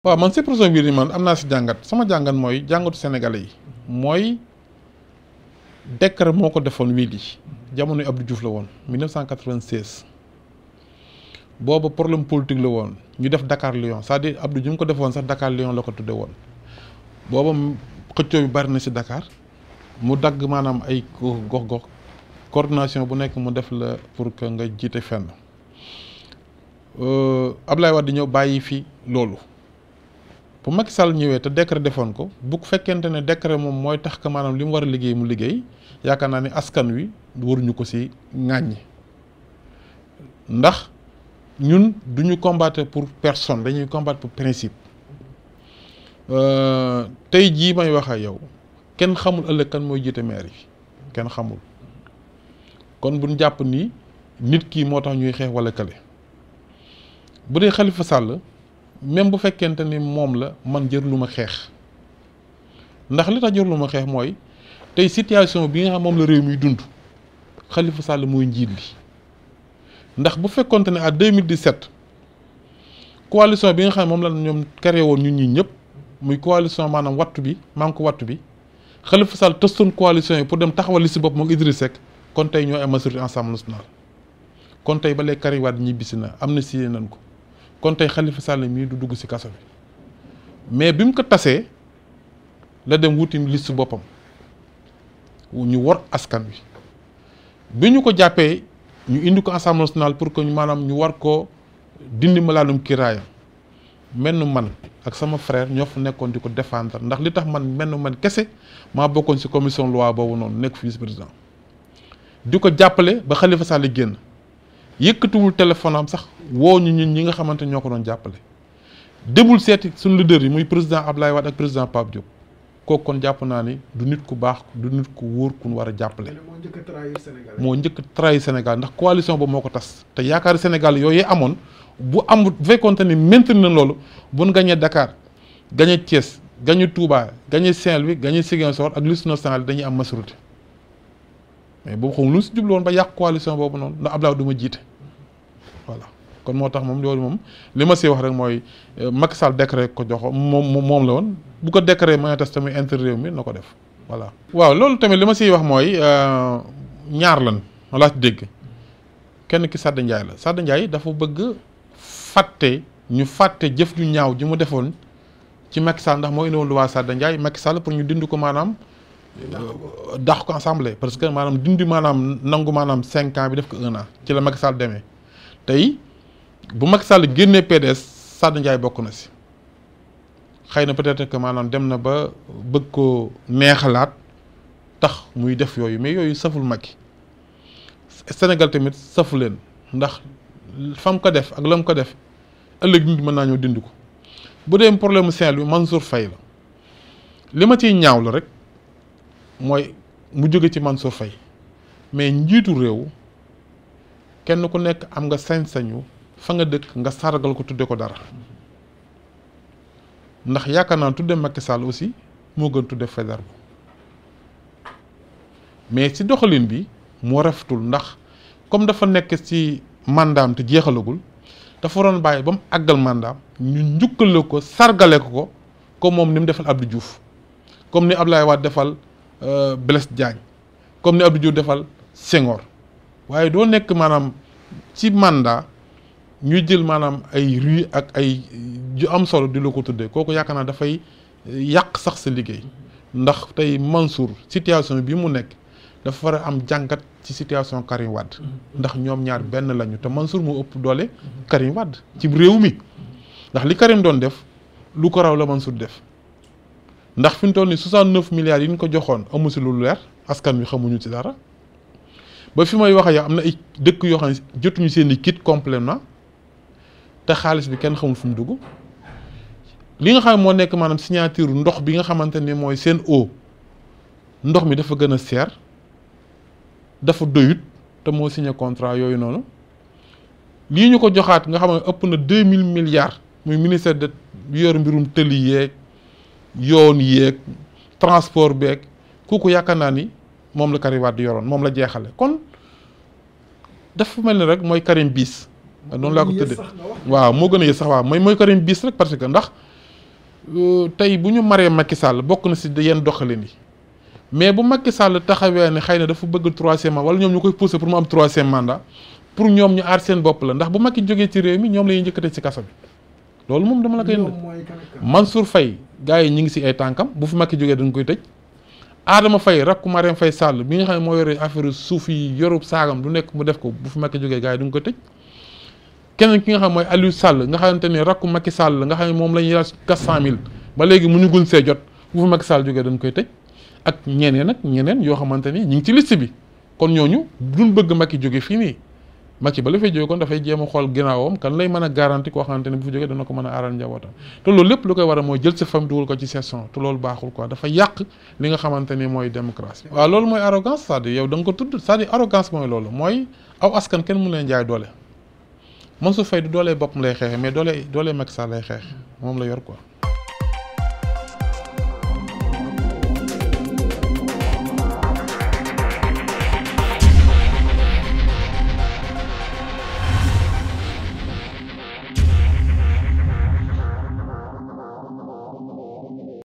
wa man ci projet bii nii man amna ci jangat sama jangat moy, jangatu sénégalais moy décret moko defone wi di jamono Abdou Diouf la won 1996 bobu problème politique la won ñu def Dakar Lyon c'est-à-dire Abdou Diouf ko defone sax Dakar Lyon la ko tudde won bobu xëccu bi bari na Dakar mu dag manam ay gox-gox coordination bu nek mu def la pour que nga jité fenn euh, Ablaye wad di ñëw fi lolou bu mag Sall ñëwee te décret defoon ko bu fekkente ne décret moom mooy tax que maanaam li mu war a liggéey mu liggéey yaakaar naa ne askan wi waruñu ko ci ŋàññi ndax ñun duñu combattre pour personne dañuy combattre pour principe euh, tey jii may wax ak yow kenn xamul ëllëg kan mooy jiite maire yi kenn xamul kon buñ jàpp ni nit kii moo tax ñuy xeex wala kale bu dee Khalifa Sall. même bu fekkente ni moom la man lu ma xeex ndax li tax lu ma xeex mooy tey situation bi nga xam moom la réew miy dund Khalifa Sall mooy njiit li ndax bu fekkonte ne à 2017 coalition bi nga xam moom la ñoom créé woon ñun ñi ñëpp muy coalition maanaam wattu bi manko wattu bi Khalifa Sall tëstoon coalition yi pour dem taxawal li si bopp moom Idriss Seck kon tey ñoo ay majorité ensemble national kon tey bale léegi ñibbisi na am na amnistie nañ ko kon tey Khalifa Sall mii du dugg ci kaso bi mais bi mu ko tasee la dem wutim liste boppam ñu war askan wi bi ñu ko jàppee ñu indi ko assemblée nationale pour que maanaam ñu war ko dindi ma malaanum kiraayam menn man ak sama frère ñoo fa nekkoon di ko défendre ndax li tax man menn man kese maa bokkoon ci commission loi boobu noonu nekk vice président di ko jàppale ba Khalifa Sall génn yëkkatiwul téléphone am sax woo ñu ñun ñi nga xamante ñoo ko doon jàppale demul seeti suñu leader yi muy président Abdoulaye Wade ak président Pape Diop kooku kon jàpp naa ni du nit ku baax du nit ku wóor ku war a jàppale. moo njëkk trahir Sénégal ndax coalition ba moo ko tas te yaakaar Sénégal yooyu amoon bu am bu fekkoonte ni maintenir na loolu bu gañee Dakar gañee Thiès gañee Touba gañee Saint-Louis gañee Ziguinchor ak liste nationale dañuy am majorité mais boobu xam lu mu si jublu woon ba yàq coalition boobu noonu ndax Abdoulaye du ma jiite. voilà kon moo tax moom loolu moom li ma si wax rek mooy euh, Macky Sall décret ko jox moom moom la woon bu ko décret may tas tamit intérêt réew mi na ko def voilà. waaw loolu tamit li ma siy wax mooy euh, ñaar lan laa dégg kenn ki Sada la Sada Ndiaye dafa bëgg fàtte ñu fàtte jëf ju ñaaw ji mu defoon ci Macky Sall ndax moo indiwoon lu waa Sada Ndiaye Macky Sall pour ñu dind ko maanaam. Euh, dàq ko assemblée parce que maanaam dindi maanaam nangu maanaam cinq ans bi def ko un ci la Macky Sall demee. tey bu mag sàll génnee PDS Sadou Ndiaye bokk na si xëy na peut-être que dem na ba bëgg koo neexalaat tax muy def yooyu mais yooyu saful Macky Sénégal tamit safu leen ndax fam ko def ak lam ko def ëllëg nit mën naa ñëw dind ko bu dee problème mu Saint-Louis Mansour fay la li ma ciy ñaaw la rek mooy mu jóge ci man Mansour fay mais njiitu réew. kenn ku nekk am nga sañ-sañu fa nga dëkk nga sargal ko tudde ko dara ndax yaakaar naa tudde Macky Sall aussi moo gën tudde Faidherbe mais ci doxalin bi moo rafetul ndax comme dafa nekk ci mandam te jeexalagul dafa waroon bàyyi ba mu àggal mandam ñu njukkale ko sargale ko ko comme moom ni mu defal Abdou Diouf comme ni Abdoulaye Wade defal euh, Blaise Diagne comme ni Abdou Diouf defal Senghor waaye doo nekk maanaam ci mandat ñuy jël maanaam ay rue ak ay ju am solo di la ko tuddee kooku yaakaar naa dafay yàq sax sa liggéey ndax tey Mansour situation bi mu nekk dafa war a am jàngat ci situation Karim Wade ndax ñoom ñaar benn lañu te Mansour mu ëpp doole Karim Wade ci réew mi ndax li Karim doon def lu ko raw la Mansour def ndax fi mu toll nii 69 milliards yi ñu ko joxoon amu si lu leer askan wi xamuñu ci dara. ba fi may wax ak yow am na ay dëkk yoo xam jotuñu seen i kit complément te xaalis bi kenn xamul fu dugg li nga xam ne moo nekk maanaam signature ndox bi nga xamante ni mooy seen eau ndox mi dafa gën a seer dafa doyut te moo signé contrat yooyu noonu lii ñu ko joxaat nga xam ne ëpp na deux mille milliards muy ministère de yor mbirum tëli yeeg yoon yeeg transport bi beeg kooku yaakaar naa ni. moom la Karim di yoroon moom la jeexale kon dafa mel ni rek mooy Karim biis noonu laa ko tëddee waaw moo gën a yées sax waa mooy mooy Karim biis rek parce que ndax euh, tey bu ñu maree makki sàll bokk na si yenn doxalin yi mais bu Macky Sall taxawee ne xëy na dafa bëgg troisième mandat wala ñoom ñu koy poussé pour mu am troisième mandat pour ñoom ñu aar seen bopp la ndax bu makki jógee ci réew mi ñoom la ñuy njëkkate ci kaso bi loolu moom dama la koy Mansour Faye gars yi ñu ngi si ay tànkam bu fi Macky jógee dañ koy tëj Adama fay rakku Marème fay Sall bi nga xam ne moo yore affaire suuf yi yorub saagam lu nekk mu def ko bu fi Macky jógee gars yi duñ ko tëj keneen ki nga xam mooy Aliou Sall nga xamante ne rakku Macky Sall nga xam ne moom la ñuy laaj quatre cent ba léegi mu ñu gun see jot bu fi Macky Sall jógee dañ koy tëj ak ñeneen ak ñeneen yoo xamante ni ñu ngi ci liste bi kon ñooñu duñ bëgg Macky jóge fii nii Macky ba la fay jóge kon dafay jéem xool ginnaawam kan lay mën a garanti koo xamante ne bu fi jógee dana ko mën a aaral njabootam te loolu lépp lu koy war a mooy jël sa fam ko ci session te loolu baaxul quoi dafa yàq li nga xamante ni mooy démocratie waaw loolu mooy arrogance saa à dire yow da nga ko tudd cest à arrogance mooy loolu mooy aw askan kenn mënu leen jaay doole Mansour Faye du doolee boppam lay xeexe mais doolee doolee Macky Sall lay moom la yor quoi